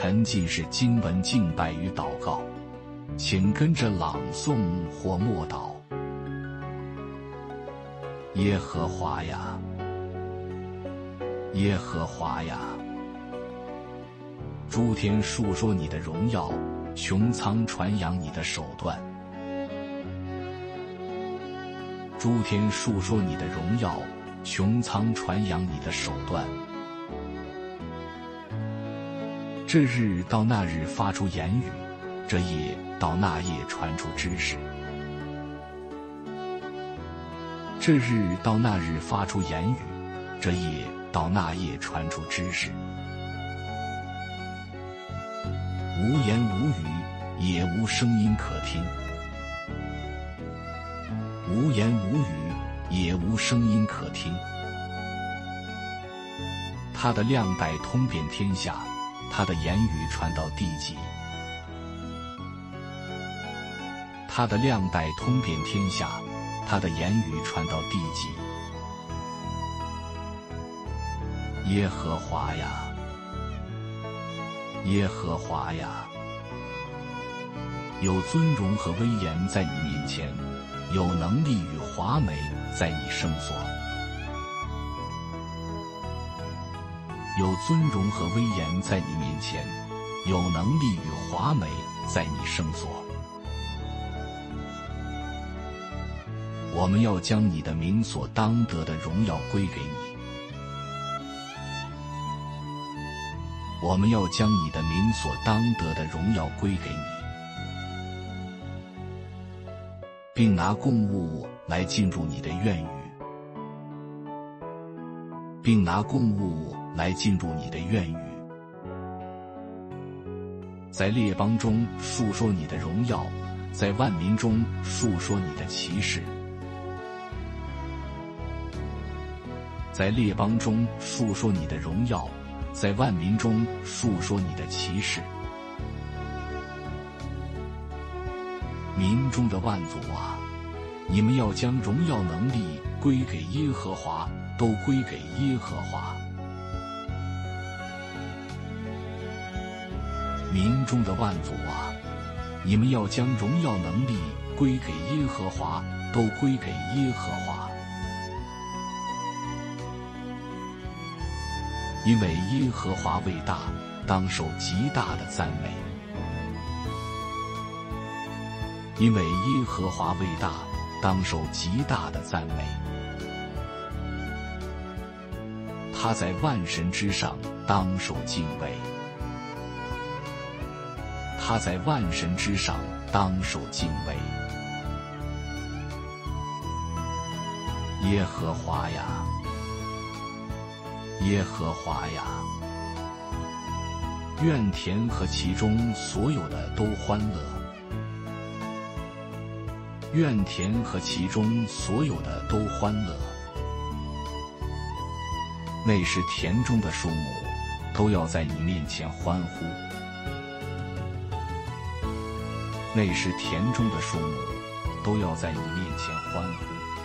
沉浸式經文敬拜與禱告，請跟着朗誦或默禱。耶和華呀，耶和華呀，諸天述說你的榮耀，穹蒼傳揚你的手段。諸天述說你的榮耀，穹蒼傳揚你的手段。這日到那日發出言語，這夜到那夜傳出知識。這日到那日發出言語，這夜到那夜傳出知識。無言無語，也無聲音可聽。無言無語，也無聲音可聽。他的量帶通遍天下。他的言語傳到地極，他的量帶通遍天下，他的言語傳到地極。耶和華呀，耶和華呀，有尊榮和威嚴在你面前，有能力與華美在你聖所。有尊榮和威嚴在你面前，有能力與華美在你聖所。我們要將你的名所當得的榮耀歸給你。我們要將你的名所當得的榮耀歸給你，並拿供物來進入你的院宇。並拿供物來進入你的院宇，在列邦中述說你的榮耀，在萬民中述說你的奇事。在列邦中述說你的榮耀，在萬民中述說你的奇事。民中的萬族啊，你們要將榮耀能力歸給耶和華，都歸給耶和華，民中的萬族啊，你們要將榮耀能力歸給耶和華，都歸給耶和華。因為耶和華為大，當受極大的讚美。因為耶和華為大，當受極大的讚美。他在萬神之上當受敬畏，他在萬神之上當受敬畏。耶和華啊，耶和華啊，願田和其中所有的都歡樂，願田和其中所有的都歡樂。那時田中的樹木都要在你面前歡呼。那時田中的樹木都要在你面前歡呼。